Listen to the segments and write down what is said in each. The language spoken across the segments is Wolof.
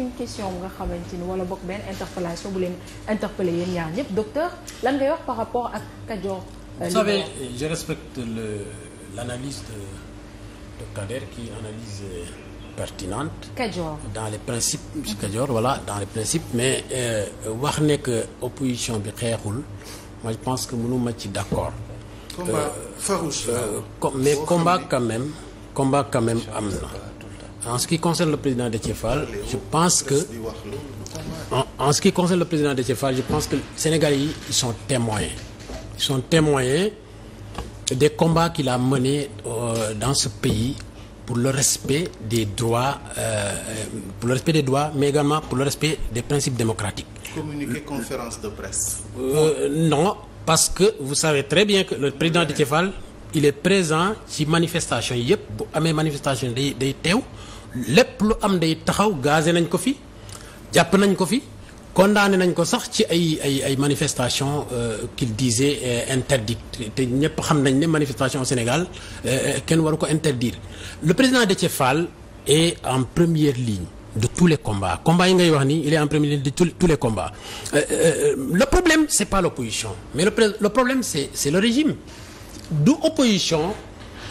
une bu nga xamante ni wala bokk benn interpellation bu leen interpellé yéen ñaar ñëpp docteur lan ngay wax par rapport ak Kajoor. Euh, vous savez je respecte le l'analyse de de Kader euh, dans les principes. Kajoor voilà dans les principes mais euh, wax ne que opposition bi xeexul moi je pense que mënuma ci d'accord. combat farouche. mais combat quand même combat quand même am na. en ce qui concerne le président Déthié Fall je pense que en, en le président Déthié Fall je que Sénégalais yi ils sont témoins ils sont témoins des combats qu'il a menés euh, dans ce pays pour le respect des droits euh, mais également pour le respect des principes démocratiques. de presse. Euh, non parce que vous savez très bien que le président Déthié Fall il est présent ci manifestation yëpp bu amee manifestation day day teew. lépp lu am day taxaw gazé nañ ko fi jàpp nañ ko fi condamné nañ ko sax ci ay ay ay manifestations euh, qu'il disait euh, interdites te ñëpp xam nañ ne manifestation au Sénégal euh, kenn waru ko interdire le président Déthié Fall est en première ligne de tous les combats combats yi ngay wax ni il est en première ligne de tous les combats le problème c'est pas l'opposition mais le problème c'est c'est le régime du opposition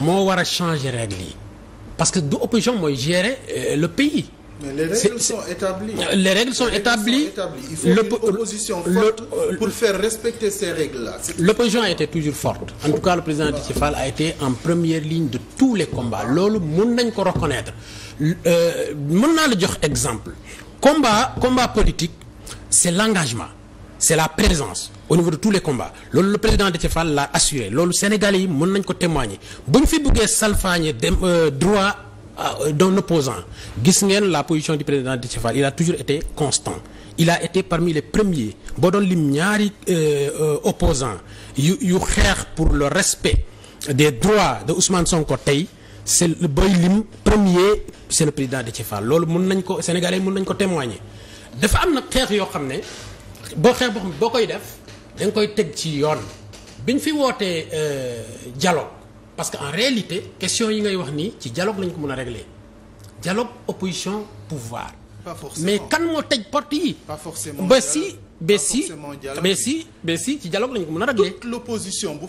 moo war a changer règle yi parce que du opposition mooy gérer euh, le pays. mais les règles sont établies. les règles sont établies. il faut une opposition forte euh, pour faire respecter ces règles-là. l'opposition a été toujours forte. en tout cas le président Déthié Fall a été en première ligne de tous les combats loolu mën nañ ko reconnaître euh, mën naa la jox exemple. combat combat politique c'est l'engagement. c'est la présence au niveau de tous les combats loolu le président Déthié Fall l'a assuré loolu Sénégalais yi mën nañ ko témoigner bu ñu fi bëggee salfaañe dem euh, droit euh, d'un opposant gis ngeen la position du président Déthié Fall il a toujours été constant il a été parmi les premiers boo doon lim ñaari euh, opposants yu yu xeex pour le respect des droit de Ousmane Sonko tey c'est le boy lim premier c'est le président Déthié Fall loolu mën nañ ko sénégalais mun nañ ko témoigner dafa am nag xeex yoo xam ne boo xeex boo xam boo koy def da koy teg ci yoon bi ñu fi wootee euh, dialogue parce que en réalité question yi ngay wax nii ci dialogue lañ ko mën a régler dialogue opposition pouvoir. pas mais kan moo tëj porte yi. pas forcément ba si ba si ba si ba si ci dialogue lañ ko mun a régler. toute l'opposition